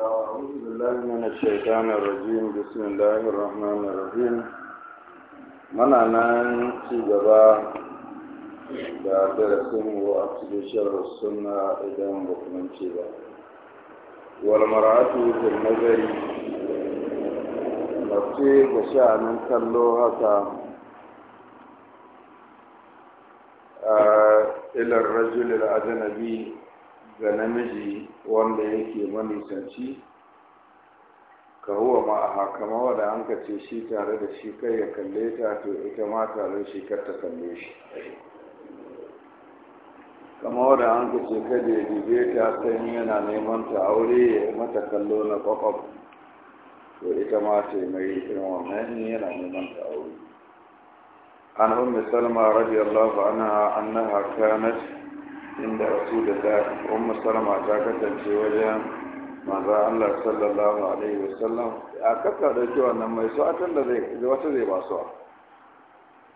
أعوذ بالله من الشيطان الرجيم بسم الله الرحمن الرحيم منا نان سيجبا da darasinmu a cikin sharar suna idan bukumanci ba walmaratu da nazari mace ga sha'anin kallo haka a ilar rajulil ajanabi ga namiji wanda yake manisanci ka huwa ma a hakama wadda an ka ce shi tare da shi kai ya kalle ta to ita ma tare shi kar ta kalle shi kama wadda an ka ce kada ya dube ta sai yana neman ta aure ya mata kallo na kwakwaf to ita ma yi mai irin wannan yana neman ta aure an ummi salma radiyallahu anha annaha kanat inda rasulullah ummu salama ta kasance wajen maza Allah sallallahu alaihi wasallam a kaka da ke wannan mai su atan da zai wata zai ba su a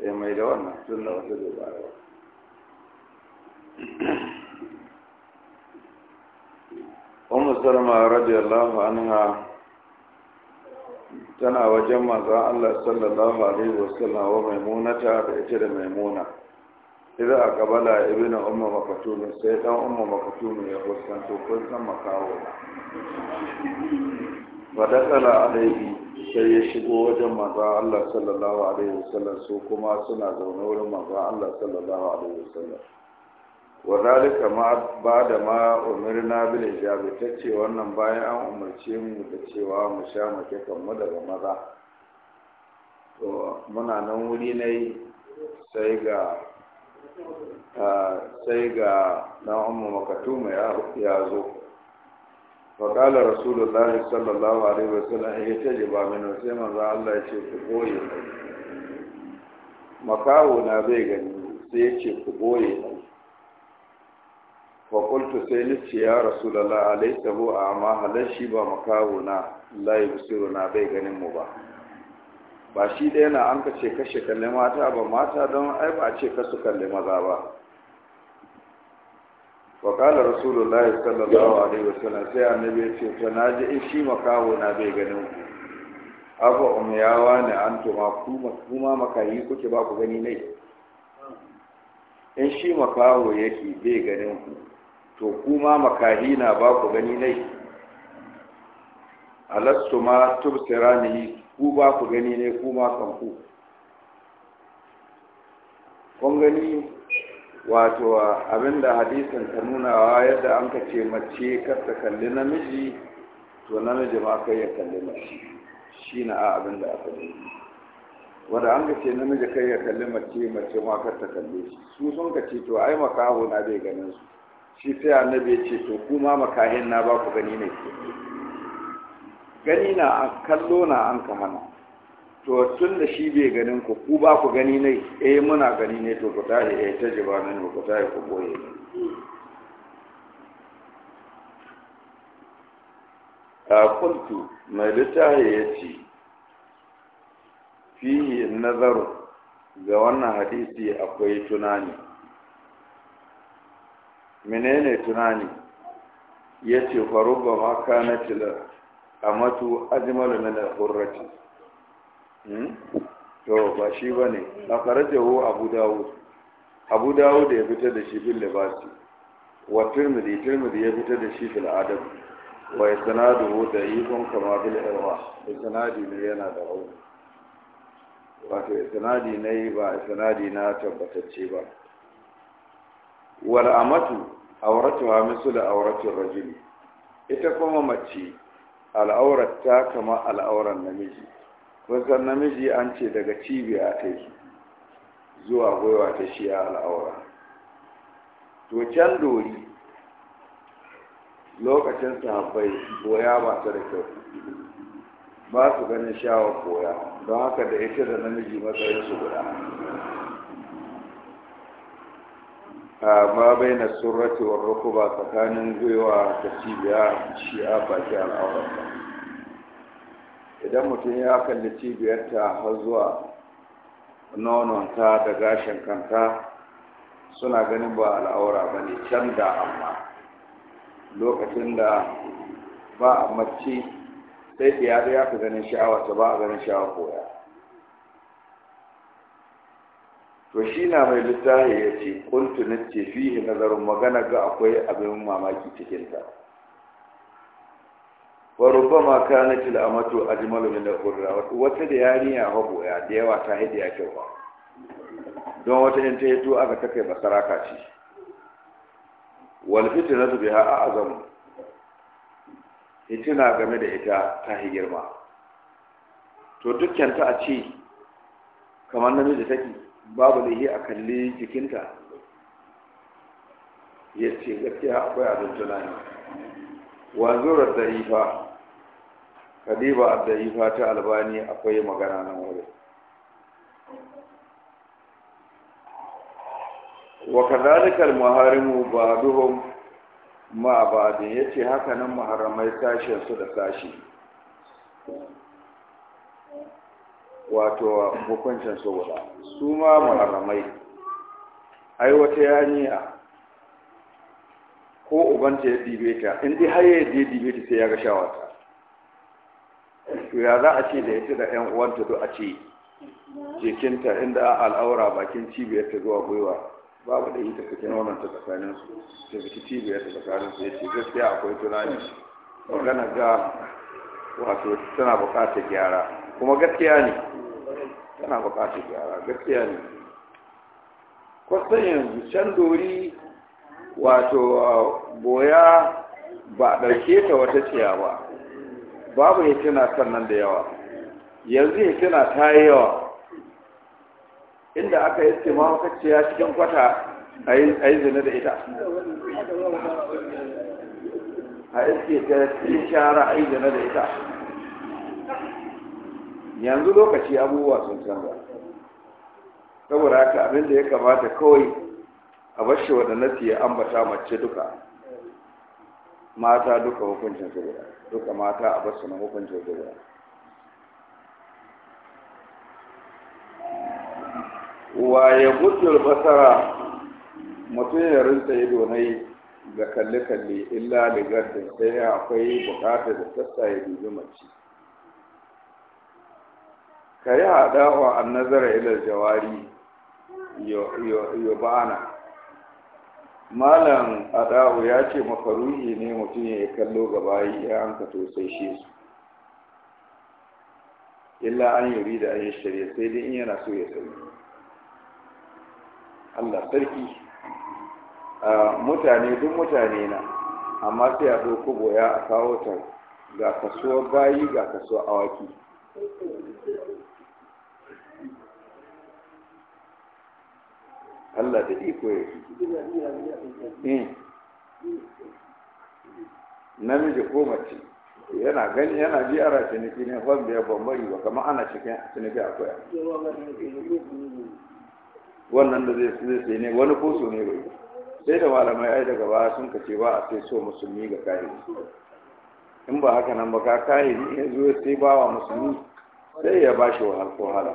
eh, mai da wannan tun da wata zai ba su ummu salama radiyallahu anha tana wajen maza Allah sallallahu alaihi wasallam wa maimunata da ita da maimuna idan a kabala ibina umma makatumi sai dan umma makatumi ya fuskanto kun san makawo ba da tsala alaihi sai ya shigo wajen maza Allah sallallahu alaihi wasallam su kuma suna zaune wurin maza Allah sallallahu alaihi wa zalika ma ba da ma umirna bil ijabi tace wannan bayan an umarci mu da cewa mu sha mu kan daga maza muna nan wuri ne sai ga Ah, sai ga na umma makatuma ya zo faƙalar rasulullahi sallallahu alaihi wasallam ya ce ba mino sai manzo Allah ya ce ku boye makawo na bai gani sai ya ce ku boye qultu sai ni ce ya rasulallah alaisa bu a amma halashi shi ba makawo na layi bisiru na bai ganin mu ba ba shi ɗaya na an ka ce kashe kalli mata ba mata don ai ba a ce kasu kalli maza ba wa kala rasulullah sallallahu alaihi sallam sai annabi ya ce to na ji in shi makaho na bai ganin ku abu umyawa ne an ku kuma makayi kuke ba ku gani ne in shi makaho yake bai ganin ku to kuma makahi na ba ku gani ne alastu ma tubsirani ku ba ku gani ne ku ma kan ku kun gani wato abinda hadisin ta nunawa yadda an ka ce mace kar kalli namiji to namiji ma kai ya kalli mace shi na a abinda aka yi wanda an ka ce namiji kai ya kalli mace mace ma kar kalli shi su sun ka ce to ai makaho na bai ganin su shi sai annabi ya ce to kuma makahin na ba ku gani ne gani na an kallo na an ka hana to tun da shi bai ganin ku ku ba ku gani ne eh muna gani ne to ku tare eh ta jiba nan ku tare ku boye a kuntu mai littafi ya ce fihi nazaru ga wannan hadisi akwai tunani menene tunani ya ce faruba ma kana tilar amatu ajmalu min al-hurrati hmm? to ba shi bane akhrajahu abu dawud abu dawud ya fitar da shi fil libasi wa tirmidhi tirmidhi ya fitar da shi fil adab wa isnaduhu da'ifun kama bil irwa isnadi ne yana da rauni wato isnadi ne ba isnadi na tabbatacce ba wal amatu awratuha mislu awratir rajuli ita kuma mace al'aurar ta kama al'aurar namiji kusan namiji an ce daga cibiya ta yi zuwa gwiwa ta shi a al'aura to can dori lokacin sahabbai boya ba ta da kyau ba su ganin shawar boya don haka da ita da namiji su guda ma bai na surrati wa rukuba tsakanin gwiwa da cibiya shi a baki al'aurarsa idan mutum ya kalli cibiyarta har zuwa nononta da gashin kanta suna ganin ba al'aura ba ne can da amma lokacin da ba a mace sai ya fi ganin sha'awa ta ba a ganin sha'awa koya to shi na mai littafi ya ce kuntu na ce fihi nazarin magana ga akwai abin mamaki cikinta wa rubbama kanat al amatu ajmalu min al hurra wata da yarinya habo ya da yawa ta hidi ya kyau ba don wata in ta to aka take basaraka ce wal fitnatu biha a'zamu na game da ita ta hi girma to dukkan ta a ce kamar namiji take babu da yi a kalli jikinta ya ce gaskiya akwai abin tunani wanzurar da'ifa kadiba da'ifa ta albani akwai magana nan wurin wa kadhalika maharinmu ba ba'duhum ma ba'din yace haka nan maharamai sashen su da sashi wato hukuncin saboda guda su ma muharramai ai wata yaniya ko ubanta ya dibe ta in dai har ya dibe ta sai ya ga shawata to ya za a ce da ita da yan uwanta to a ce jikinta inda al'aura bakin cibiyar ta zuwa gwiwa babu da ita take wannan ta tsakanin su ta fiti cibiyar ta tsakanin su ya ce. gaskiya akwai tunani magana ga wato tana bukatar gyara kuma gaskiya ne Yana bukatar gyara gaskiya ne kwasan yanzu can dori wato boya ba a ɗauke ta wata ciya ba babu hitina sannan da yawa yanzu tana ta yi yawa inda aka yi ce mahaukaciya cikin kwata a yi zina da ita a ce ta yi shara a yi zina da ita yanzu lokaci abubuwa sun canza saboda haka abin da ya kamata kawai a bashi wa da nasi ya ambata mace duka mata duka hukuncin saboda duka mata a basu na hukuncin saboda Waye wa ya gudul basara mutum ya rinta ido na yi da kalle-kalle illa da gardin sai akwai bukatar da sassa ya dubi mace ka yi haɗawa an nazara ila jawari yobana malam adawu ya ce makaruhi ne mutum ya kallo gaba ya an ka tosai shi su illa an yuri da an yi shirya sai dai in yana so ya sani allah sarki mutane duk mutane na amma sai a ɗauko boya a kawo ta ga kasuwar bayi ga kasuwar awaki Allah da iko ya hmm. namiji ko mace yana gani yana ji ara ciniki ne ban biya bambari ba kamar ana cikin ciniki akwai wannan da zai sai ne wani ko su ne bai sai da malamai ai daga baya sun kace ba a sai so musulmi ga kahiri in ba haka nan ba ka kahiri ya zo sai bawa musulmi sai ya bashi wahala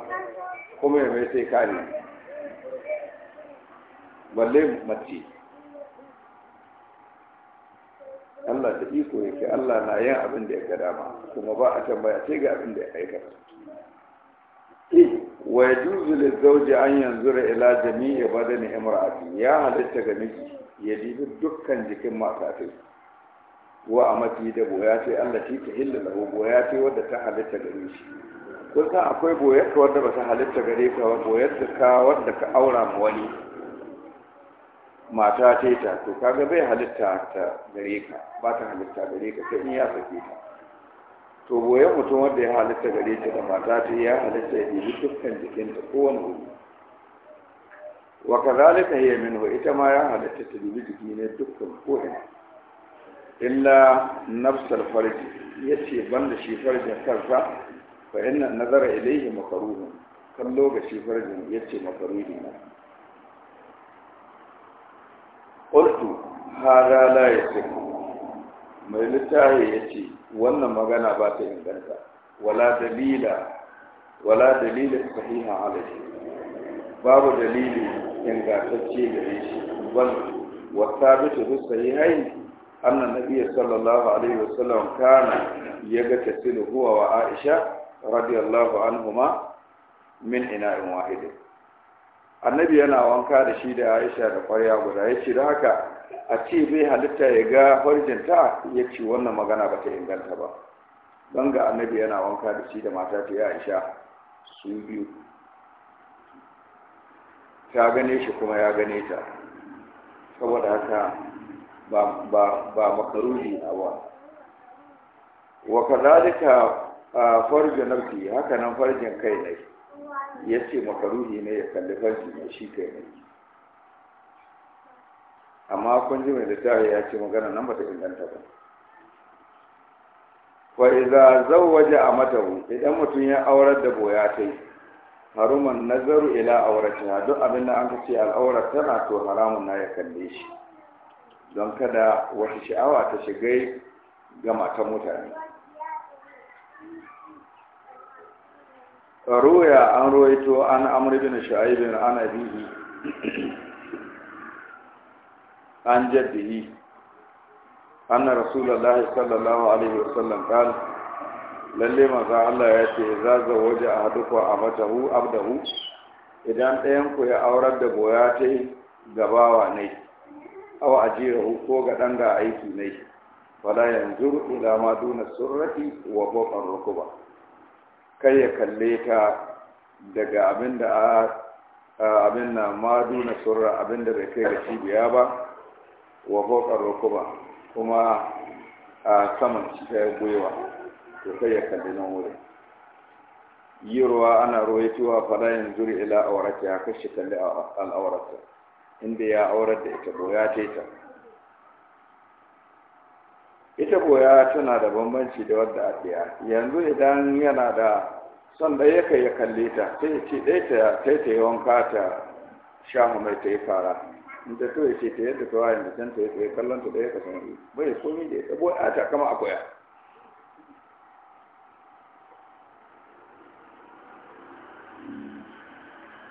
kuma ya mai sai kahiri balle mace Allah da iko yake Allah na yin abin da ya ga dama kuma ba a tambaya sai ga abin da ya aikata wa yajuzu zawji an yanzura ila jami'i badani imra'ati ya halitta ga miji ya dibi dukkan jikin mata ta wa amati da boya ce Allah shi ta hilla da boya ce wadda ta halitta gare shi kun san akwai boyar ka wadda ba ta halitta gare ka ba boyar ka wadda ka aura ma wani mata ta ta to kaga bai halitta ta gare ka ba ta halitta gare ka sai in ya sake ta to boye mutum wanda ya halitta gare ta da mata ta ya halitta ya bibi dukkan jikinta kowane wuri wa kazalika hiya minhu ita ma ya halitta ta bibi jiki ne dukkan ko'ina illa nafsal farji yace banda shi farjin kansa fa inna nazara ilayhi makruhun kallo ga shi farjin yace makruhi ne qultu hada la yasihu mai littafi ya ce wannan magana ba ta inganta wala dalila wala dalila sahiha alaihi babu dalili ingantacce gare shi wal wa sabitu bi sahihain anna nabiyyi sallallahu alaihi wasallam kana yaga tasilu huwa wa aisha radiyallahu anhuma min ina ina'in wahidin annabi yana wanka da shi da aisha da kwarya guda ya ce da haka a ce bai halitta ya ga farjinta ya ce wannan magana ba ta inganta ba don ga annabi yana wanka da shi da mata ta ya aisha su biyu ta gane shi kuma ya gane ta saboda haka ba makaruri na ba wa kazalika farjin nafsi haka nan farjin kai ne ya ce makaruhi ne ya kalli farji mai shi kai ne amma kun ji mai littafi ya ce magana nan bata inganta ba wa iza a matahu idan mutum ya aurar da boya yi haruman nazaru ila auratiha duk abin da an ce al'aurar tana to haramun na ya kalle shi don kada wata sha'awa ta shiga ga matan mutane ruya an ruwaito an amr bin shu'aib bin an abihi an jaddihi anna rasulullahi sallallahu alaihi wasallam qala lalle Allah ya ce za za waje a haduku a matahu abdahu idan ɗayan ku ya aurar da boya ta gabawa ne aw ajirahu ko ga dan ga aiki ne wala yanzuru ila ma duna surrati wa fawqa rukuba kar ya kalle ta daga abin da abin na madu na surra abin da bai kai ga cibiya ba wa hokar rukuba kuma a saman ta gwiwa to kai ya kalle nan wuri yi ruwa ana ruwaituwa fara yin yanzu ila aurata ya kashe kalli al'aurata inda ya aurar da ita boya ta ita boya tana da bambanci da wadda a ɗaya yanzu idan yana da son ɗaya yakan ya kalle ta sai ya ce ɗaya ta ta yi wanka ta shahu mai ta yi fara in ta to ya ce ta yadda ta wayan jikin ta ya tsaye kallon ta ɗaya ka san bai komi mi da ita boya ta kama a koya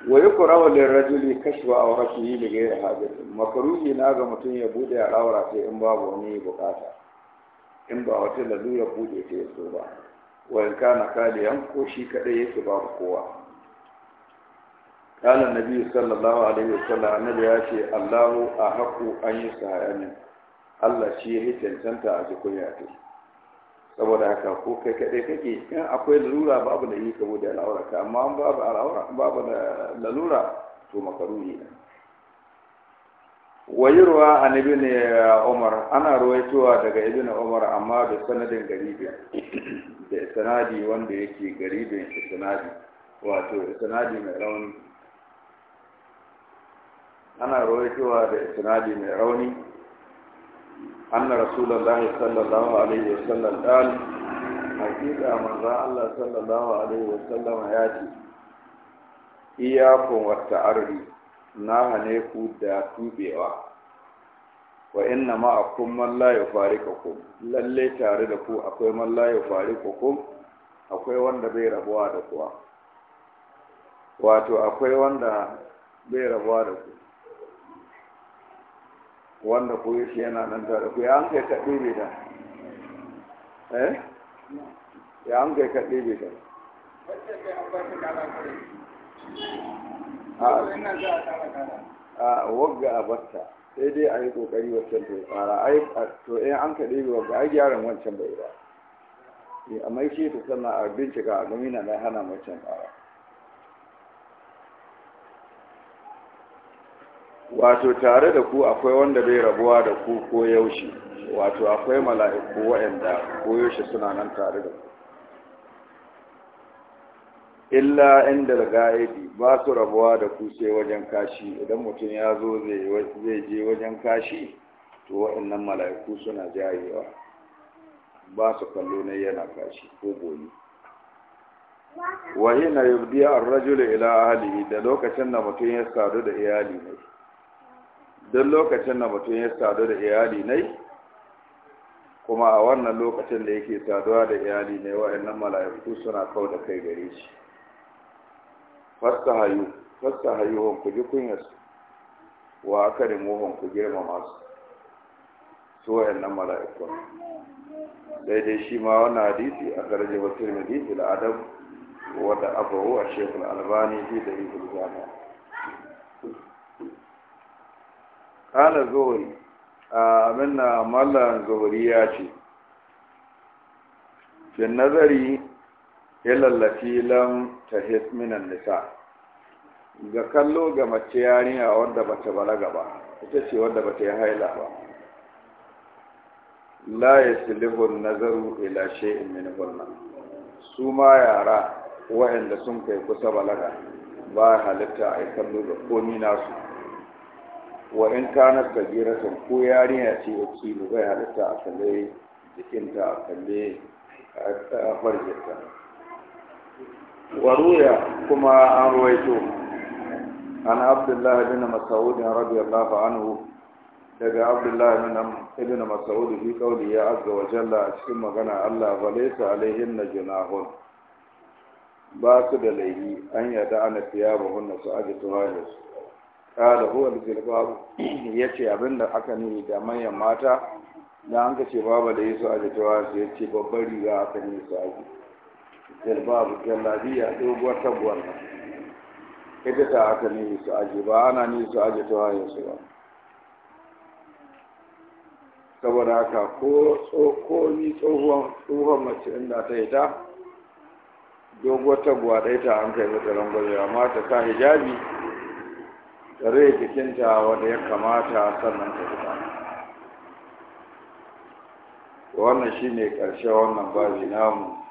wa yukrahu a kashfa yi bi ghairi hajatin makruhi na ga mutum ya bude al'aura sai in babu wani bukata in ba wata lalura bude ta ya zo ba wayan kana kaliyan ko shi kaɗai yake ba kowa Kana قال النبي صلى الله عليه وسلم أن ياتي الله أحق أن يسأل Allah shi ya yi cancanta a jikin ce saboda haka ko kai kadai kake in akwai lalura babu da yi kamo da al'aurarka amma babu al'aura babu da lalura to makaruni ne wayarwa an ibn umar ana ruwaitowa daga ibn umar amma da sanadin garibin da sanadi wanda yake garibin sanadi wato sanadi mai rauni ana ruwaitowa da sanadi mai rauni anna rasulullahi sallallahu alaihi wasallam dal hakika manzo Allah sallallahu alaihi wasallam ya ce iyakum wa ta'arri na hane ku da tubewa wa inna ma akum man la yufarikukum lalle tare da ku akwai man la yufarikukum akwai wanda bai rabuwa da ku. wato akwai wanda bai rabuwa da ku wanda ku yake yana nan tare ku ya an kai ka dibe da eh ya an kai ka dibe da a wagga a batta sai dai a yi kokari wancan bai fara ai to in eh, an ka ga wagga ai gyaran wancan bai ba eh, a mai ce ta sannan a bincika a gami na na hana wancan fara wato tare da ku akwai wanda bai rabuwa da ku ko yaushe wato akwai mala'iku waɗanda koyaushe suna nan tare da ku illa inda da ga'idi ba su rabuwa da ku sai wajen kashi idan mutum ya zo zai je wajen kashi to wa'annan mala'iku suna jayewa ba su kallo ne yana kashi ko goni na yabdi ar-rajul ila ahlihi da lokacin da mutum ya sadu da iyali ne don lokacin da mutum ya sadu da iyali ne kuma a wannan lokacin da yake saduwa da iyali ne wa'annan mala'iku suna kau da kai gare shi fasta hayu fasta hayuhun ku ji kunyarsu wa aka rimuhun ku girmama su su wayannan mala'ikun daidai shi ma wani hadisi a darajar basir mai da adab wadda abu a shekul albani fi da yi bulgana kala zuhuri a minna mallan zuhuri ya ce fin nazari ilallafi lam ta hisminan nisa ga kallo ga mace yarinya wadda bata balaga ba ita ce wadda bata yi haila ba la yaslihu nazaru ila shay'in min hulman su ma yara waɗanda sun kai kusa balaga ba halitta a kallo ga komi nasu wa in da kabiratun ko yarinya ce ci bai halitta a kalle jikinta a kalle a farjinta وروي كما أن رويته عن عبد الله بن مسعود رضي الله عنه daga abdullahi ibn mas'ud fi qawli ya azza wa jalla a cikin magana Allah ba laysa alaihin na junahun ba su da laifi, an yada ana tiyaba hunna su aji tuhalis kala huwa al-jilbab yace abinda aka nuni da manyan mata da an kace babu da yasu aji tuhalis yace babbar riga aka nuni su aji jilbabu jallabiya doguwar tabuwar nan ita ta aka nemi su aji ba ana nemi su aji ta waye su ba saboda haka ko ni tsohon mace inda ta yi ta doguwar tabuwa ɗaya ta an kai mata rangwaje amma ta sa hijabi ta rai jikinta wanda ya kamata sannan ta fita wannan shi ne ƙarshe wannan babi namu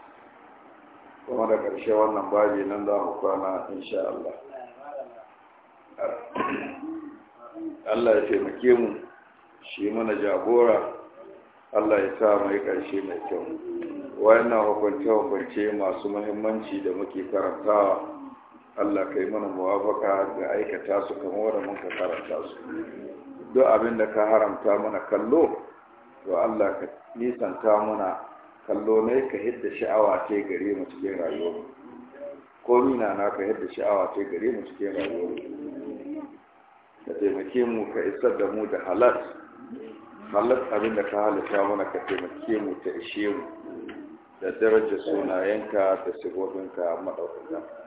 kuma da ƙarshe wannan babi nan za mu kwana insha Allah Allah ya taimake mu shi mana jagora Allah ya sa mai ƙarshe mai kyau wayannan hukunce-hukunce masu muhimmanci da muke karantawa Allah kai mana muwafaka ga aikata su kamar mun muka karanta su duk abin da ka haramta mana kallo to Allah ka nisanta mana kallo ne ka hidda sha'awa ce gare mu cikin rayuwa ko ni na ka hidda sha'awa ce gare mu cikin rayuwa ka taimake mu ka isar da mu da halal halal abin da ka halitta mana ka taimake mu ta ishe mu da darajar sunayenka da sigoginka maɗaukaka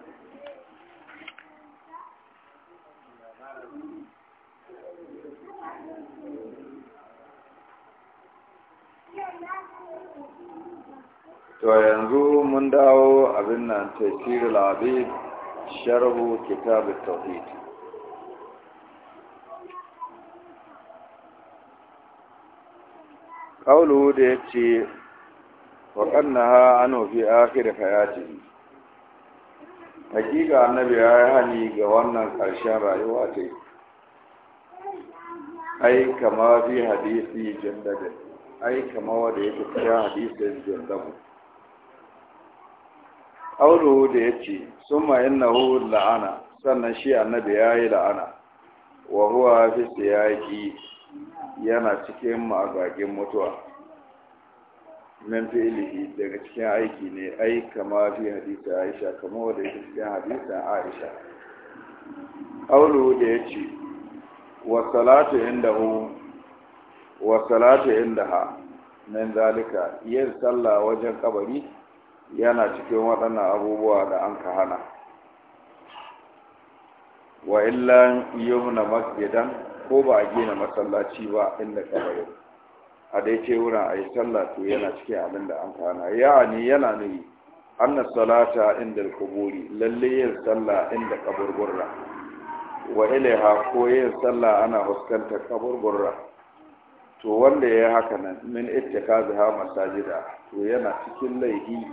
to yanzu mun dawo abin nan tafiri labi sharhu kitab tawhid qawlu da yace wa qannaha anu fi akhir hayati hakika annabi ya yi hani ga wannan ƙarshen rayuwa ce ai kama fi hadisi jandabin ai kama wanda yake cikin ƙauluhu da ya ce sun mayan na la'ana sannan shi annabi ya yi la'ana wa huwa fiske ya yi yana cikin magagin mutuwa min fi'ilihi daga cikin aiki ne ai kama fi hadisa aisha kama da ya cikin hadisa aisha ƙauluhu da ya ce wa salatu inda hu wa salatu inda ha min zalika yin sallah wajen kabari yana cikin waɗannan abubuwa da an ka hana wa illa yumna masjidan ko ba a gina masallaci ba inda kabari a dai ce wurin a yi sallah to yana cikin abin da an ka hana ya'ani yana nuni anna salata inda kuburi lalle yin sallah inda kaburburra wa ilaiha ko yin sallah ana fuskantar kaburburra to wanda ya haka nan min ittikazaha masajida to yana cikin laifi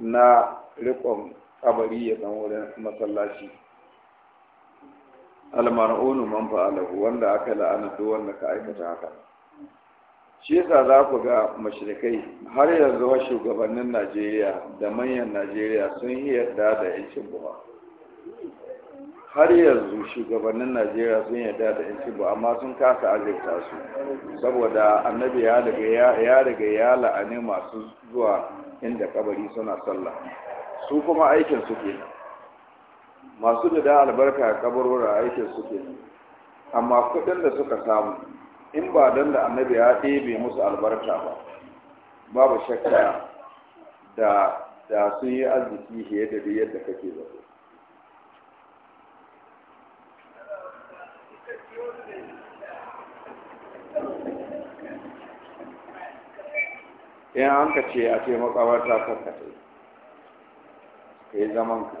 na rikon kabari ya zama wurin masallaci almar'unu man fa'alahu wanda aka la'ana duk wanda ka aikata haka shi yasa za ku ga mashirikai har yanzu shugabannin najeriya da manyan najeriya sun yi yarda da yancin buwa har yanzu shugabannin najeriya sun yarda da yancin buwa amma sun kasa azirta su saboda annabi ya daga ya la'ani masu zuwa inda kabari suna sallah su kuma aikin su ke masu da albarka a kabarwar aikin suke ke amma kudin da suka samu in ba don da annabi ya ɗebe musu albarka ba babu shakka da da sun yi arziki fiye da yadda kake zato in an ka ce a ce makabarta ka yi zaman ka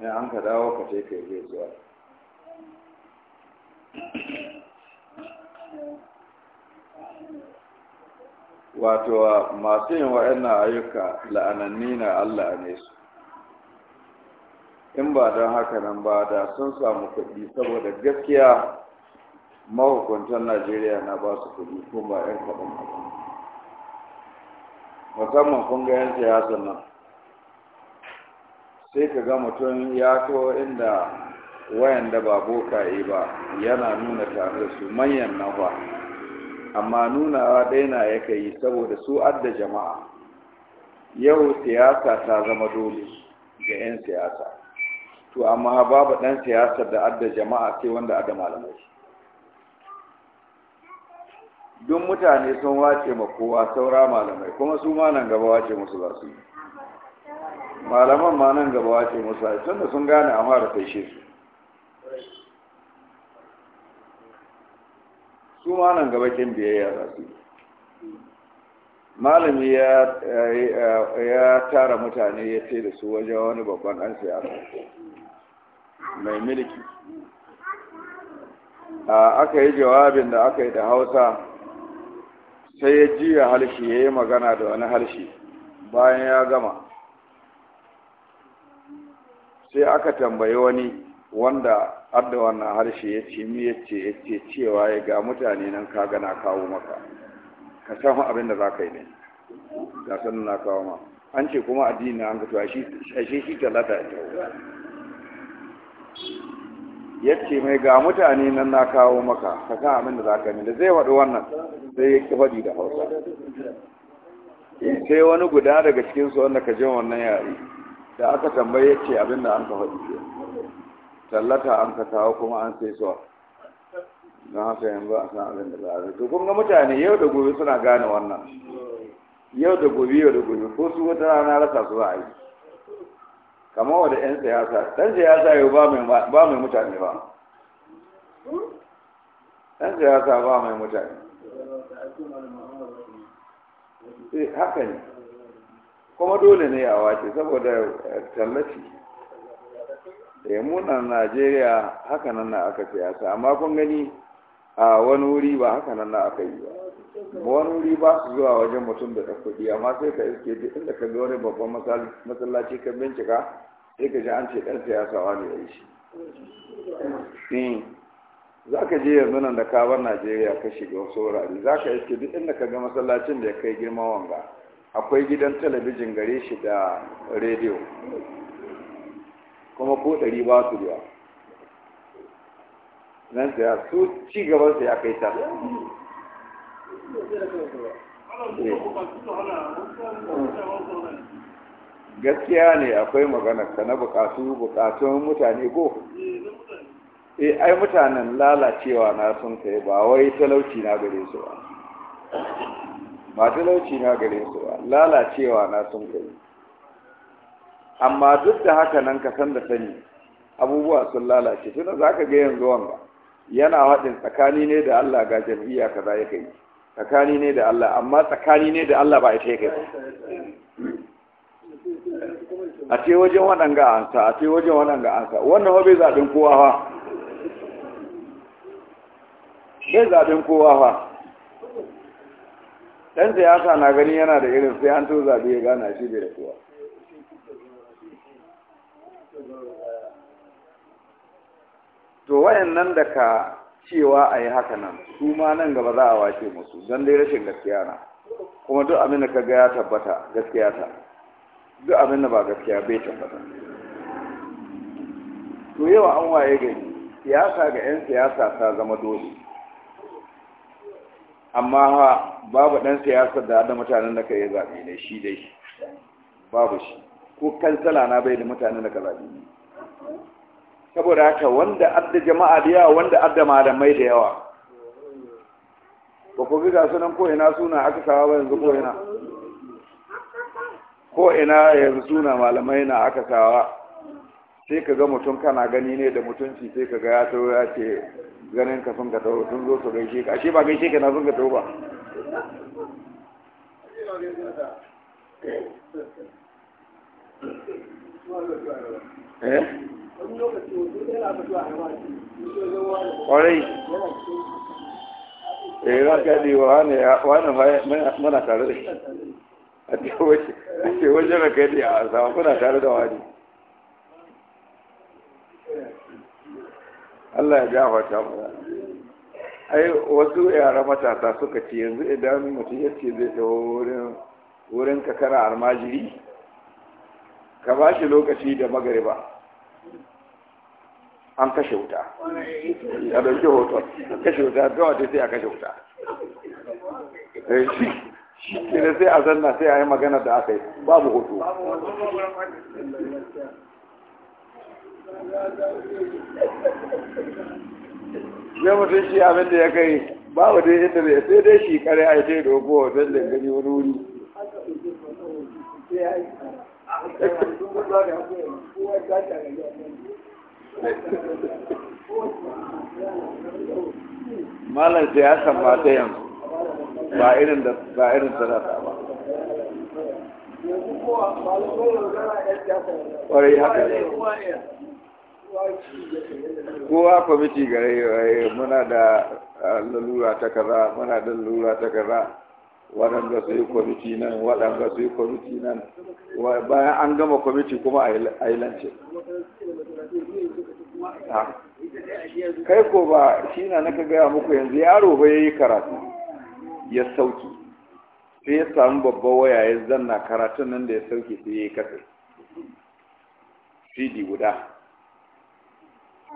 in an dawo ka ce ka yi zuwa wato masu yin waɗannan ayyuka la'ananni na Allah ne su in ba don haka nan ba da sun samu kuɗi saboda gaskiya mahukuntan najeriya na ba su kuɗi kuma 'yan kaɗan kaɗan musamman kun ga yan siyasan nan sai ka ga mutum ya to inda wayanda ba bokaye ba yana nuna tare da su manyan nan ba amma nunawa na yake yi saboda su adda jama'a yau siyasa ta zama dole ga 'yan siyasa to amma babu ɗan siyasar da adda jama'a sai wanda adda malamai duk mutane sun wace ma kowa saura malamai kuma su ma nan gaba wace musu za su yi malaman ma nan gaba wace musu za su tunda sun gane a fara taishe su su ma nan gaba kin biyayya za su yi malami ya tara mutane ya ce da su wajen wani babban ɗan siyasa mai miliki aka yi jawabin da aka yi da hausa sai ya jiya harshe ya yi magana da wani harshe bayan ya gama sai aka tambayi wani wanda adda wannan harshe ya ce mi ya ce ya ce cewa ya ga mutane nan ka gana kawo maka ka san abin da za ka yi ne ga sanin na kawo ma an ce kuma addini an to a shi shi talata ta yace mai ga mutane nan na kawo maka ka ga abin da za ka da zai faɗi wannan sai ya kifadi faɗi da hausa sai wani guda daga cikinsu wanda ka je wannan yare da aka tambaye yace abin da an ka faɗi ke tallata an ka kawo kuma an sai suwa Na haka yanzu a san abin da za to kun ga mutane yau da gobe suna gane wannan yau da gobe yau da gobe ko su wata rana rasa su za a yi kamar wanda 'yan siyasa ɗan siyasa yau ba mai mutane ba ɗan siyasa ba mai mutane eh haka ne kuma dole ne a wace saboda tallafi da eh, munan najeriya haka nan na aka siyasa amma kun gani a wani wuri ba haka nan na aka yi ba wani wuri ba su zuwa wajen mutum da kuɗi amma sai ka iske duk inda ka ga wani babban masallaci ka bincika sai ka ji an ce ɗan siyasawa ne ya shi eh, za ka je yanzu nan da kabar najeriya ka shiga wasu wurare za ka iske duk inda ka ga masallacin da ya kai girma wanga akwai gidan talabijin gare shi da rediyo kuma ko ɗari ba su da nan su ci gaban su ya kai ta gaskiya ne akwai magana ka na bukatu bukatun mutane go? e eh, ai mutanen lalacewa na sun kai ba wai talauci na gare su ba ba talauci na gare su ba lalacewa na sun kai amma duk da haka nan ka san da sani abubuwa sun lalace tunan za ka ga yanzu wanga yana haɗin tsakani ne da allah ga jam'iyya za ya kai tsakani ne da Allah amma tsakani ne da Allah ba ita yake a ce wajen waɗanga ansa a ce wajen waɗanga ansa wannan wa bai zaɓin kowa fa bai zaɓin kowa fa ɗan siyasa na gani yana da irin sai an to zaɓe ya gana shi bai da kowa to wayan nan da ka cewa a yi haka nan su ma nan gaba za a wace musu don dai rashin gaskiya na kuma duk abin da kaga ya tabbata gaskiya ta duk abin da ba gaskiya bai tabbata to yawa an waye gari siyasa ga 'yan siyasa ta zama dole amma babu ɗan siyasa da da mutanen da ka yi zaɓe ne shi dai babu shi ko kansala na bai da mutanen da ka zaɓe ne saboda haka wanda adda jama'a da yawa wanda adda malamai da yawa ba ku ga sunan ko ina suna aka sawa ba yanzu ko ina ko ina yanzu suna malamai na aka sawa sai ka ga mutum kana gani ne da mutunci sai ka ga ya tawo ya ce ganin ka sun ka tawo sun zo su gaishe ka ashe ba gaishe ka na sun ka tawo ba eh kwarai eh, za ka ne, wa wani muna tare da shi a ce wajen da kai a sama muna tare da wani Allah ya gafarta mu ai wasu yara matasa suka ce yanzu idan mutum ya ce zai dawo wurin kakara almajiri ka ba shi lokaci da magariba an kashe wuta a ɗauki hoton an kashe wuta gawa ta sai a kashe wuta eh, shi ne sai a zanna sai a yi magana da aka yi babu hoto sai mutum shi abin da ya kai babu dai inda ya sai dai shi kare a yi da dogo hoton da gani wani wuri Thank you. malar siyasan mata yanzu ba irin da ba irin ta ba ƙwarai haka ne kowa kwamiti gare eh, muna da eh, lalura ta kaza muna da lalura ta kaza waɗanda su yi kwamiti nan waɗanda su yi kwamiti nan bayan an gama kwamiti kuma a yi lance kai ko ba shi na naka gaya muku yanzu yaro ba ya yi karatu ya sauki sai ya samu babban waya ya zanna karatun nan da ya sauki sai ya yi kasar cd guda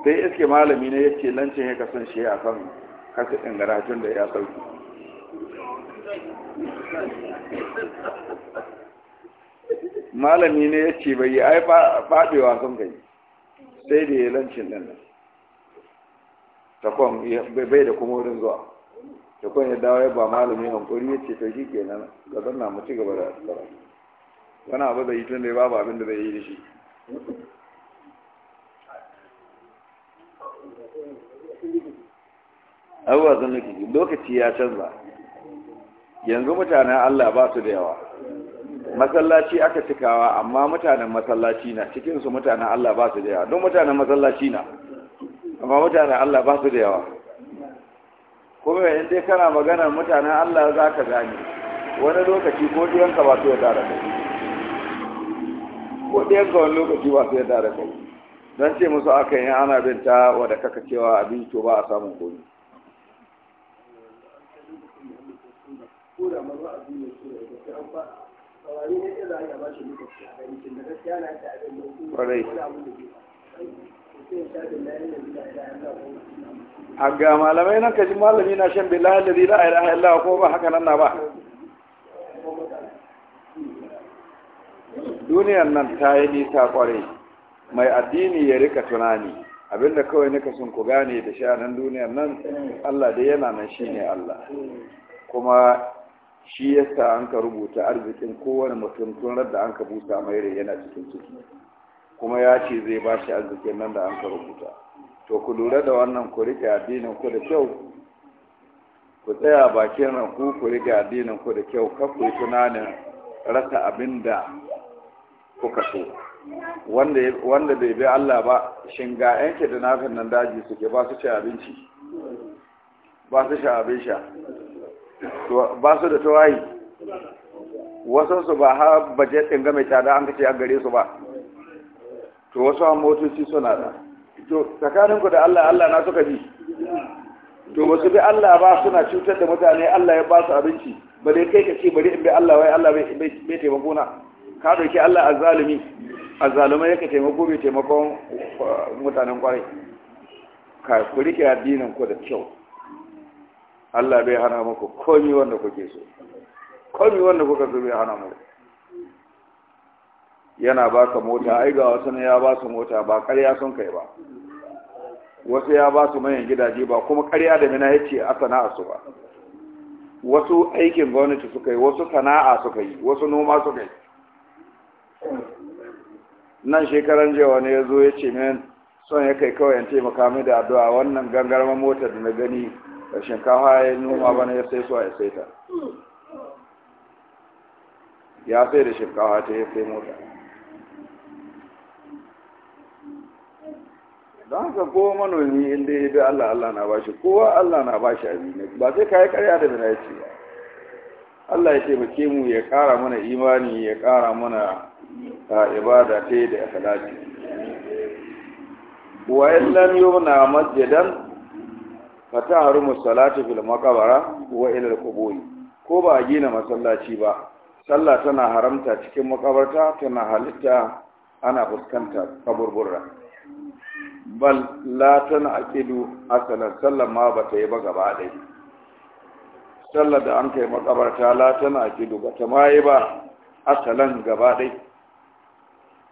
sai iske malami na ya ce lancin ya kasance a kan kasar ɗin karatun da ya sauki malami ne ya ce bai ai fadewa sun kai sai da ya lancin nan takwan bai da kuma wurin zuwa takwan ya dawo ya ba malami hankuri ya ce to shi nan ga zanna mu ci gaba da tsara wani abu zai yi tun da ya babu abin da zai yi da shi abubuwa sun nufi lokaci ya canza yanzu mutanen Allah ba su da yawa masallaci aka cikawa amma mutanen masallaci na cikinsu mutanen Allah ba su da yawa don mutanen masallaci na amma mutanen Allah ba su da yawa kuma in dai kana magana mutanen Allah za ka gani wani lokaci ko ka ba su yarda da kai ko ka wani lokaci ba su yarda da kai don ce musu aka yi ana bin ta wadda kaka cewa abin to ba a samun komi kwarai a ga malamai nan kaji malami na shan billahi alladhi la ilaha illa ko ba haka nan na ba duniyar nan ta yi nisa kwarai mai addini ya rika tunani abinda kawai nika sun ku gane da sha'anin duniyar nan Allah da yana nan shine Allah kuma shi yasa an ka rubuta arzikin kowane mutum tun da an ka busa mai rai yana cikin ciki kuma ya ce zai ba shi arzikin nan da an ka rubuta to ku lura da wannan ku riƙe addinin ku da kyau ku tsaya bakin ran ku ku riƙe addinin ku da kyau kar ku yi tunanin rasa abin da kuka so wanda bai bi Allah ba shin ga yanke da nafin nan daji suke ba su ci abinci ba su sha abin sha ba su da tawayi wasansu ba ha bajet ɗin game mai an kace a gare su ba to wasu an motoci suna da to tsakaninku da Allah Allah na suka bi to wasu bi Allah ba suna cutar da mutane Allah ya ba su abinci ba dai kai ka ce bari in bi Allah wai Allah bai taimako na ka dauki Allah azzalimi azzalumai yake taimako bai taimakon uh, mutanen kwarai ka ku addinin ku da kyau Allah bai hana muku komi wanda kuke so komi wanda kuka so bai hana muku yana baka mota ai ga wasu ne ya ba su mota ba ƙarya sun kai ba wasu ya ba su manyan gidaje ba kuma ƙarya da mina yace a sana'a su ba wasu aikin gwamnati suka yi wasu sana'a suka yi wasu noma suka yi nan shekaran jiya wani ya zo ya ce min son ya kai kawai in taimaka mai da addu'a wannan gangarmar motar da na gani da shinkafa ya noma bana ya sai suwa ya sai ta ya sai da shinkafa ta ya sai mota don haka kowa manomi inda ya bi Allah Allah na bashi kowa Allah na bashi abin ba sai ka yi karya da bina ce ba Allah ya taimake mu ya kara mana imani ya kara mana ibada ta da akhlaqi wa illan yuna masjidan fata haru salatu fil maqabara wa ila al ko ba a gina masallaci ba sallah tana haramta cikin makabarta tana halitta ana fuskanta kaburburra bal la tana aqidu asalan sallah ma ba ta yi ba gaba dai sallar da an kai makabarta la tana aqidu ba ta ma yi ba asalan gaba ɗaya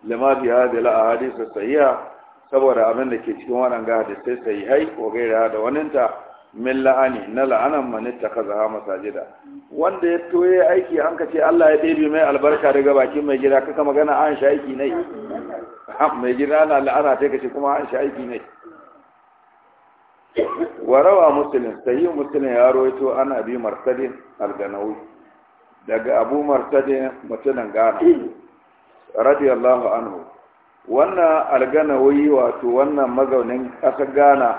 lima biya da la'ahadisa sahiha saboda abin da ke cikin waɗanga da sai sai hai ko gaira da waninta min la'ani na la'anan mani ta kaza ha masajida wanda ya toye aiki an ka ce Allah ya ɗebe mai albarka daga bakin mai gida kaka magana an sha aiki ne mai gida na la'ana ta kace kuma an sha aiki ne warawa muslim sai muslim ya rawaito an abi martadin al daga abu marsadin mutunan gana radiyallahu anhu wannan algana alganawi wato wannan mazaunin ƙasar ghana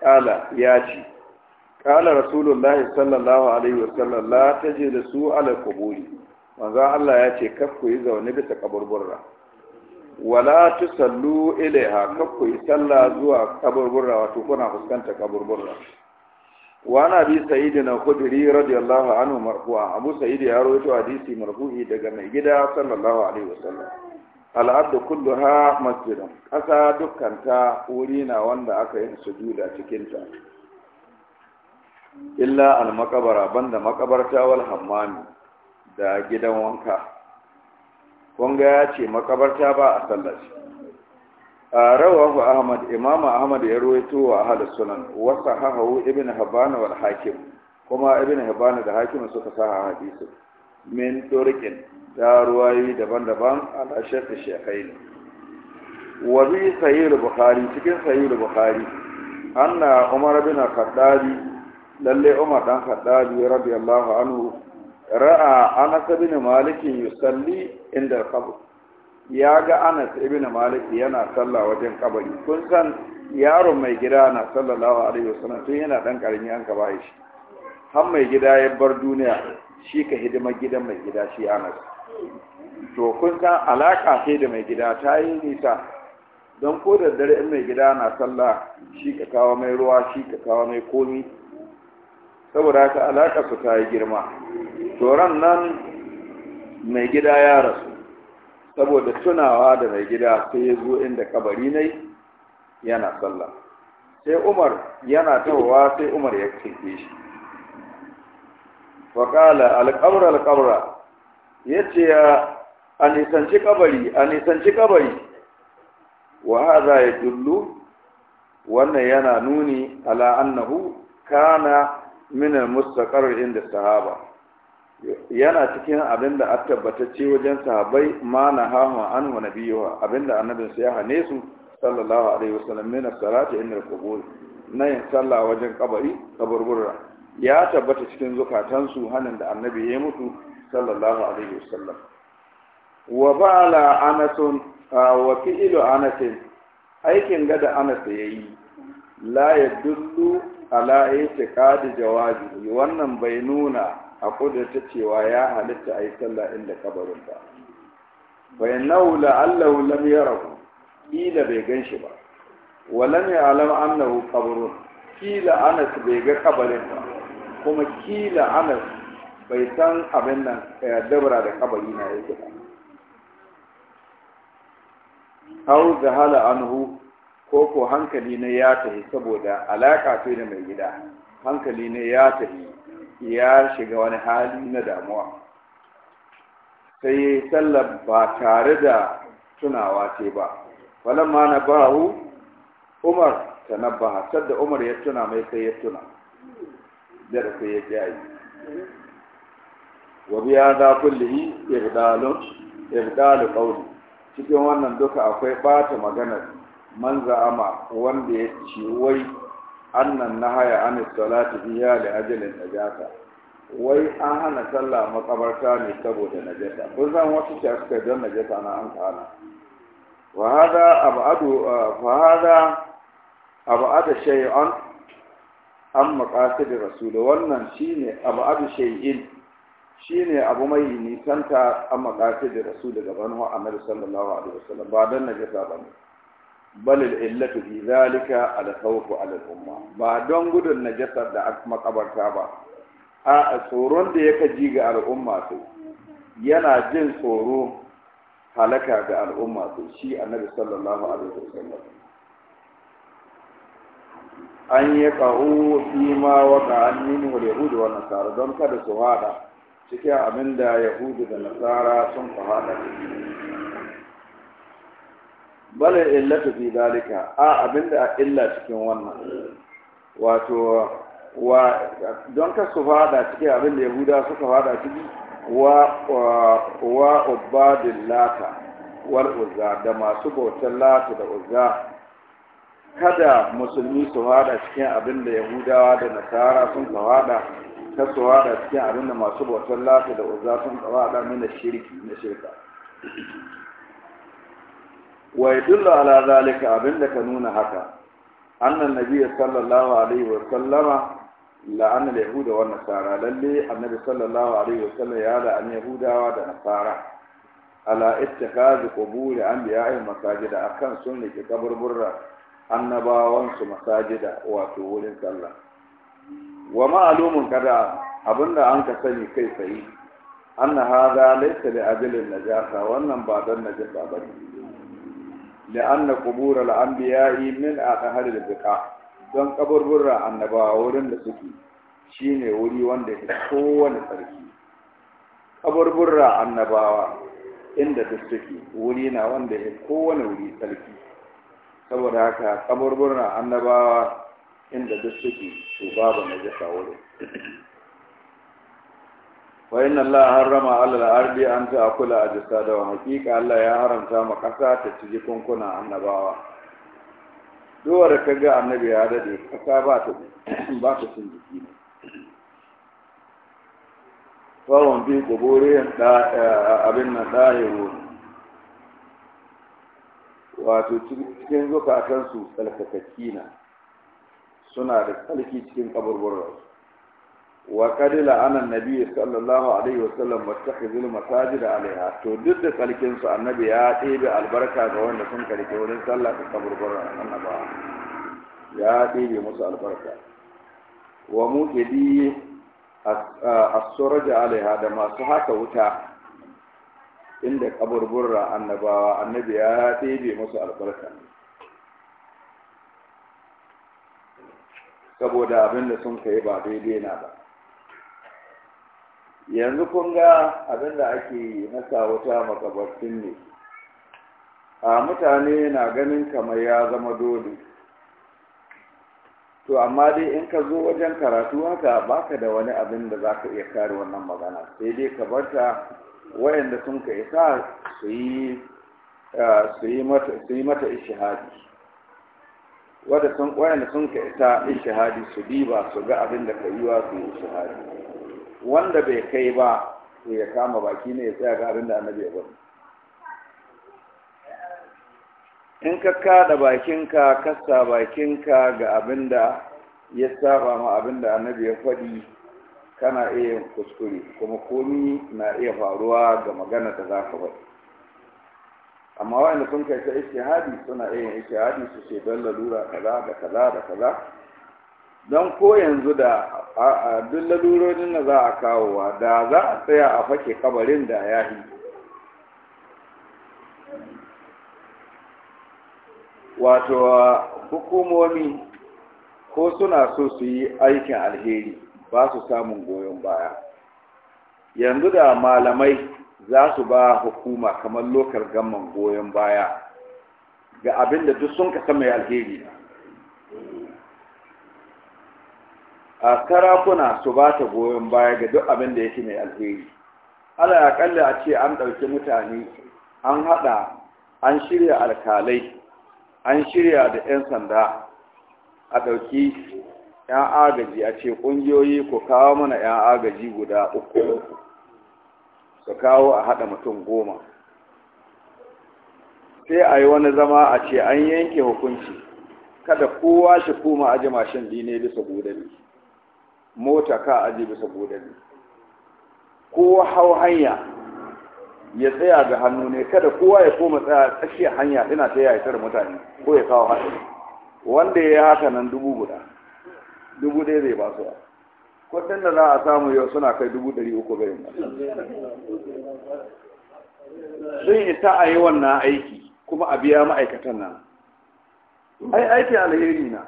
ƙala ya ce ƙala rasulullahi sallallahu alaihi wasallam la ta je da su ala kuburi manzo Allah ya ce kaf ku yi zaune bisa kaburburra wala tusallu ilaiha kaf yi sallah zuwa kaburburra wato kuna fuskanta kaburburra wa na bi sayyidina khudri radiyallahu anhu marfu'a abu sayyid ya rawaito hadisi marfu'i daga mai gida sallallahu alaihi sallam. al'adu kullu ha masjidin ƙasa dukkanta wuri na wanda aka yi sujuda cikinta illa al-makabara banda makabarta wal hammami da gidan wanka kunga ya ce makabarta ba a sallaci a rawahu ahmad imam ahmad ya ruwaito wa ahli sunan wa sahahu ibn habban wal hakim kuma ibn habban da hakim suka saha hadisi min turqin da ruwayi daban-daban da shekai ne wa bi sahih bukhari cikin sahih bukhari anna umar bin khattabi lalle umar dan khattabi radiyallahu anhu ra'a anas bin malik yusalli inda al-qabr ya ga anas ibn malik yana sallah wajen kabari kun san yaron mai gida na sallallahu alaihi wasallam tun yana dan karami an kaba shi har mai gida ya bar duniya shi ka hidima gidan mai gida shi anas to kun san alaka sai da mai gida ta yi nisa don ko da dare in mai gida na sallah shi ka kawo mai ruwa shi ka kawo mai komi saboda ta alaka su ta yi girma toron nan mai gida ya rasu saboda tunawa da mai gida sai ya zo inda kabari ne yana sallah sai umar yana tawowa sai umar ya cike shi faƙala alƙabra alƙabra ya ce a nisanci kabari a nisanci kabari wa haza ya dullu wannan yana nuni ala annahu kana min al-mustaqarr inda sahaba yana cikin abinda a tabbatacce wajen sahabbai ma na hawa an wa nabiyuwa abinda annabin su ya hane su sallallahu alaihi wasallam min as-salati inda al-qubur yin sallah wajen kabari kaburbura ya tabbata cikin zukatansu hanin da annabi ya mutu sallallahu alaihi wasallam wa ba'ala anasun wa fi'lu anasin aikin gada anas yayi la yadullu ala itiqadi jawazi wannan bai nuna a ta cewa ya halitta a yi sallah inda kabarin ba bai naula allahu lam yarahu kila bai gan shi ba wa lam ya'lam annahu qabrun kila anas bai ga kabarin ba kuma kila anas bai san abin nan eh, dabara da kabari na yake ba au zahala anhu ko ko hankali ne ya tafi saboda alaka ce da mai gida hankali ne ya tafi ya shiga wani hali na damuwa sai sallar ba tare da tunawa ce ba ma na bahu umar ta nabaha sadda umar ya tuna mai sai ya tuna da sai ya jayi wa ya za kullihi ibdalu ibdalu qawli cikin wannan duka akwai bata magana man za'ama wanda ya ci, wai annan nahaya an salati biya li ajalin najata wai an hana sallah makabarta ne saboda najasa kun san wasu ce suka don najasa na an kana wa hada abadu fa hada abada shay'an an maqasid rasul wannan shine abadu shay'in shi ne abu mai nisanta an makafi da rasu daga a annabi sallallahu alaihi wasallam ba don najasa ba ne balil illatu fi zalika al khawfu ala al umma ba don gudun najasar da aka makabarta ba a tsoron da ya kaji ga al'umma sai yana jin tsoro halaka ga al'umma sai shi annabi sallallahu alaihi wasallam an yi ƙa'u fi ma waka an yi wa yahudu wa nasara don kada su hada cikin abin da yahudu da nasara sun fahada bala illatu fi dalika a abin da illa cikin wannan wato wa don ka su fada cikin abin da yahuda suka fada ciki wa wa lata wal uzza da masu bautar lata da uzza kada musulmi su fada cikin abin da yahudawa da nasara sun fahada kasowa da cikin abin da masu bautar lata da uzza sun tsawa da mina shirki na shirka wa yadullu ala zalika abin da ka nuna haka annan nabiyyi sallallahu alaihi wa sallama la'ana da yahuda wa nasara lalle annabi sallallahu alaihi wa sallam ya la'ana yahudawa da nasara ala ittikazi quburi anbiya'i masajida akan sun rike kaburburra annabawansu masajida wato wurin sallah wa ma'alumin kada abinda an ka sani kai tsaye an na haza laisa da ajilin najasa wannan ba don najasa ba ne la'anna kubura yi min a tahar da bika don kaburburra annabawa wurin da suke shine wuri wanda ke kowane tsarki kaburburra annabawa inda duk suke wuri na wanda ya kowane wuri tsarki saboda haka kaburburra annabawa inda duk suke to babu na najasa wurin wa inna Allah harrama alal ardi an ta'kula ajsada wa haqiqa Allah ya haramta ma kasa ta ci kunkuna annabawa duwar ka ga annabi ya dade kasa ba ta ba ta cin jiki ne fawon bi gobore eh, abin nan dahiru wato cikin zukatansu tsarkakakki na suna da tsarki cikin kaburburansu wa kadila anan nabi sallallahu alaihi wasallam wattakhizul masajid alaiha to duk da tsarkin su annabi ya ɗebe albarka ga wanda sun karke wurin sallah da kaburburan annaba ya ɗebe musu albarka wa muqidi as-suraj alaiha da masu haka wuta inda kaburburan annabawa annabi ya ɗebe musu albarka saboda abin da sun kai ba daidai na ba yanzu kun ga abin da ake nasa wuta makabartin ne a mutane na ganin kamar ya zama dole to amma dai in ka zo wajen karatu haka baka da wani abin da za ka iya kare wannan magana sai dai ka bar barta wayanda sun ka isa su yi eh, mata ishihadi wadanda sun ka ita shahadi su diba su ga abin da ka yi wa su yi wanda bai kai ba to ya kama baki ne ya tsaya ga abin da annabi ya bari in ka kada bakinka kasa bakinka ga abin da ya saba ma abin da annabi ya faɗi kana iya yin kuskure kuma komi na iya faruwa ga magana da za ka faɗi amma wa'anda sun kai ta ishtihadi suna iya yin ishtihadi su ce don lalura kaza da kaza da kaza don ko yanzu da duk lalurorin da za a kawowa da za a tsaya a fake kabarin da ya yi wato hukumomi ko suna so su yi aikin alheri ba su samun goyon baya yanzu da malamai za su ba hukuma kamar lokar gamman goyon baya ga abin da duk sun kasa mai alheri a sarakuna su ba ta goyon baya ga duk abin da yake mai alheri ala akalla a ce an ɗauki mutane an haɗa an shirya alkalai an shirya da 'yan sanda a ɗauki 'yan agaji a ce ƙungiyoyi ku kawo mana 'yan agaji guda uku Ka kawo a haɗa mutum goma sai a yi wani zama a ce an yanke hukunci kada kowa shi kuma aji mashin dine bisa godani mota ka aji bisa godani kowa hau hanya ya tsaya ga hannu ne kada kowa ya koma tsaya tsakiyar hanya ina ta ya tare mutane ko ya kawo haɗari wanda ya yi haka nan dubu guda dubu ɗaya zai ba su kudin da za a samu yau suna kai dubu ɗari uku garin sun isa a yi wannan aiki kuma a biya ma'aikatan nan ai aiki alheri na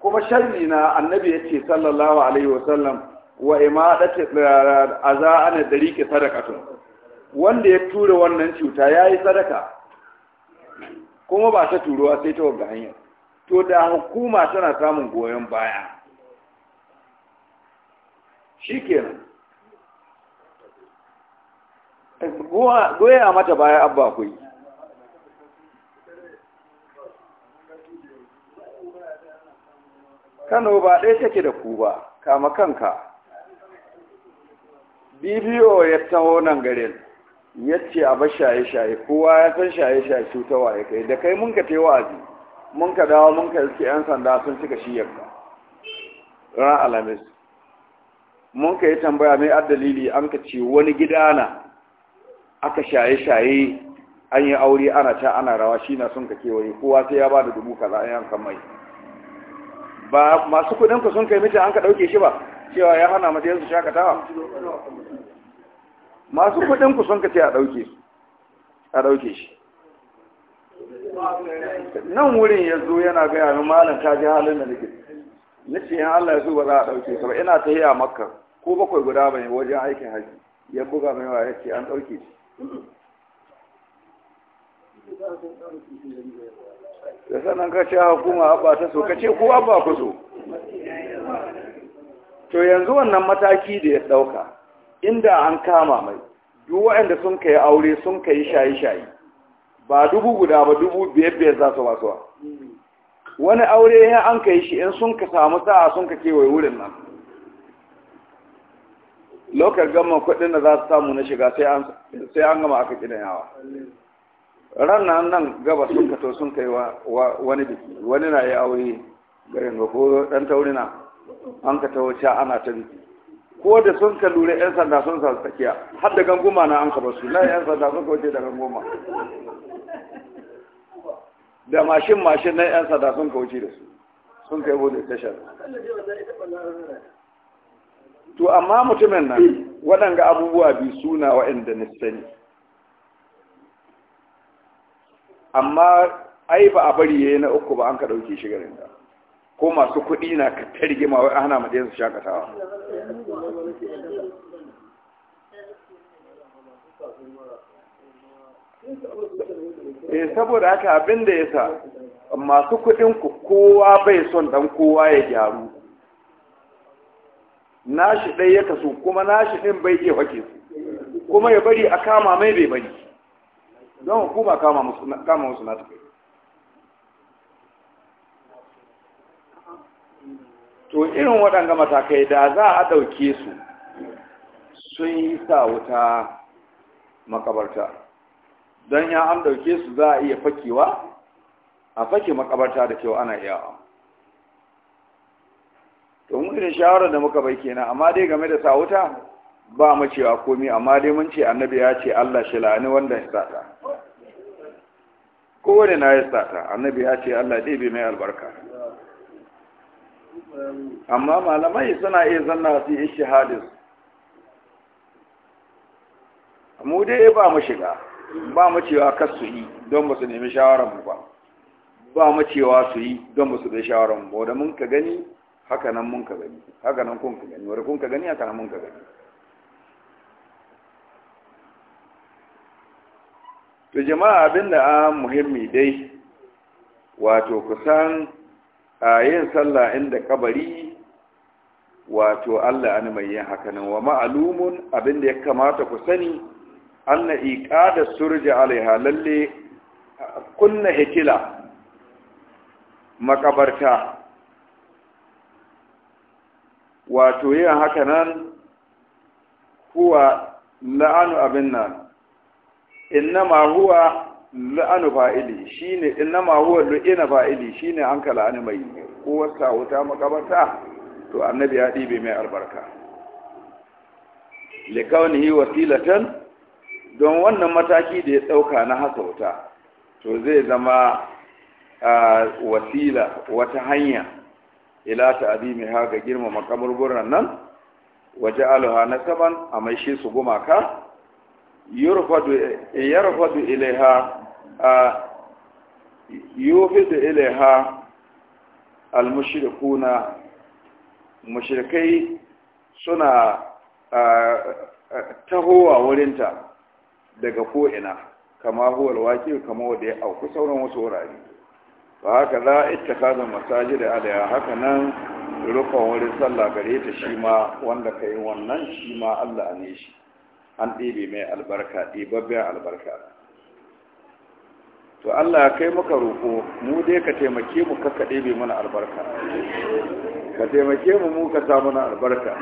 kuma sharri na annabi ya ce sallallahu alaihi wasallam wa imadati aza ana dariki sadaqatun wanda ya tura wannan cuta ya yi sadaka kuma ba ta turuwa sai ta wabda hanyar. to da hukuma tana samun goyon baya shi kenan goya mata baya abba akwai kano ba ɗaya take da ku ba kama kanka bibiyo ya taho nan garin ya ce a ba shaye-shaye kowa ya san shaye-shaye cutawa ya kai da kai mun ka te wazi mun ka dawo mun ka iske 'yan sanda sun cika shi yakka ran alamis mun ka yi tambaya mai addalili an ka ce wani gida na aka shaye-shaye an yi aure ana ta ana rawa shi na sun ka kewaye kowa sai ya ba da dubu kaza an yanka mai ba masu kudin ku sun kai mita an ka ɗauke shi ba cewa ya hana mata yanzu shakatawa masu kudin ku sun ka ce a ɗauke a ɗauke shi nan wurin ya zo yana gaya min malam ta ji halin da nake na ce Allah ya zo ba za a ɗauke ka ba ina ta yi a makka ko bakwai guda bai wajen aikin haji ya buga mai wa ya ce an ɗauke shi da sannan ka ce ah, hukuma abba ta so ka ce ko abba ku so to yanzu wannan mataki da ya ɗauka inda an kama mai duk waɗanda sun kai aure sun kai shaye-shaye ba dubu guda ba dubu biyar-biyar za su basuwa wani aure ya an kai shi in sun ka samu sa'a sun ka kewaye wurin nan lokar gama kuɗin da za su samu na shiga sai an gama aka yawa. ranar nan gaba sun kato sun kai wani biki wani na yi aure garin ga ko ɗan taurina an ka tawace ana ta biki ko da sun ka lura 'yan sanda sun sa tsakiya har da ganguma na an ka su na 'yan sanda sun kawace da ganguma da mashin mashin na 'yan sanda sun kawace da su sun kai bude tashar to amma mutumin nan waɗanga abubuwa biyu suna waɗanda na sani amma ai ba a bari yayi na uku ba an ka dauke shi garin da ko masu kuɗi na ka ta ma wai ana mu su shakatawa eh saboda haka abin da yasa masu kuɗin ku kowa bai son dan kowa ya gyaru nashi ɗai ya kaso kuma nashi ɗin bai iya hake su kuma ya bari a kama mai bai bari don hukuma kama musu na tafi to irin waɗanga matakai da za a ɗauke su sun yi sa wuta makabarta don ya an ɗauke su za a iya fakewa a fake makabarta da kyau ana iyawa irin shawarar da muka bai kenan amma dai game da sawuta ba mu cewa komai amma dai mun ce annabi ya ce Allah shi la'ani wanda ya Ko kowane na ya tsata, annabi ya ce Allah dai bai mai albarka amma malamai suna iya zanna su yi shahadis mu dai ba mu shiga ba mu cewa kar su yi don ba su nemi shawarar mu ba ba mu cewa su yi don ba su da shawarar mu ba da mun ka gani haka nan mun ka gani haka nan kun ka gani wani kun ka gani haka nan mun ka gani to jama'a abin da an ah, muhimmi dai wato kusan a ah, yin sallah inda kabari wato Allah an mai yin haka nan wa ma'alumun abin da ya kamata ku sani anna iqada surja alaiha lalle ah, kunna hitila makabarta wato yin hakanan, nan huwa la'anu abin nan innama huwa la'anu fa'ili shine innama huwa lu'ina fa'ili shine an ka la'ani mai ko wata wata makabarta to annabi ya ɗibe mai albarka likaunihi wasilatan don wannan mataki da ya ɗauka na haka wuta to zai zama ah, wasila wata hanya ila ha ga girmama kaburburan nan waje na nasaban a mai shi su gumaka yarfadu ilaiha a yufidu ilaiha almushrikuna mushrikai suna tahowa wurinta daga ko'ina kama huwa alwaki kama wanda ya auku sauran wasu wurare fa haka za a ittakaza masajid alaiha haka nan rufa wurin sallah gare ta shi ma wanda ka yi wannan shi ma allah ne shi an ɗebe mai albarka ɗibabben albarka to allah ya kai muka roƙo mu dai ka taimake mu ka ɗebe mana albarka ka taimake mu mu ka samu na albarka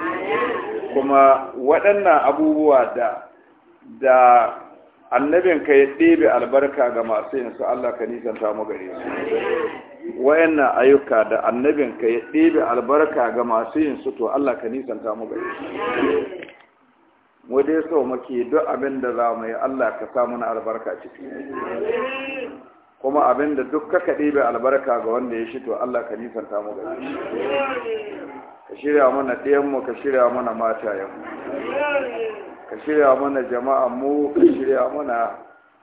kuma waɗannan abubuwa da da annabin ka ya ɗebe albarka ga masu yin su Allah ka nisanta mu su wayannan ayyuka da annabin ka ya ɗebe albarka ga masu yin su to Allah ka nisanta mu su mu dai so muke duk abin da za mu yi Allah ka sa mana albarka ciki kuma abin da duk ka ɗebe albarka ga wanda ya shi to Allah ka nisanta mu su. ka shirya mana ɗiyanmu ka shirya mana matayenmu ka shirya mana jama'a mu ka shirya mana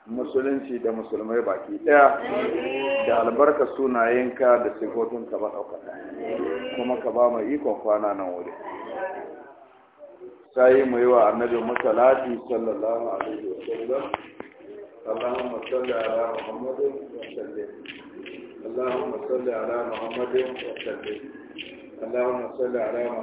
musulunci da musulmai baki daya da albarka sunayenka da sifofin ka ba ɗaukaka kuma ka ba mai ikon kwana nan wuri sai mu yi wa annabi masalati sallallahu alaihi wa sallam اللهم صل على محمد وسلم اللهم صل على محمد وسلم اللهم صل على محمد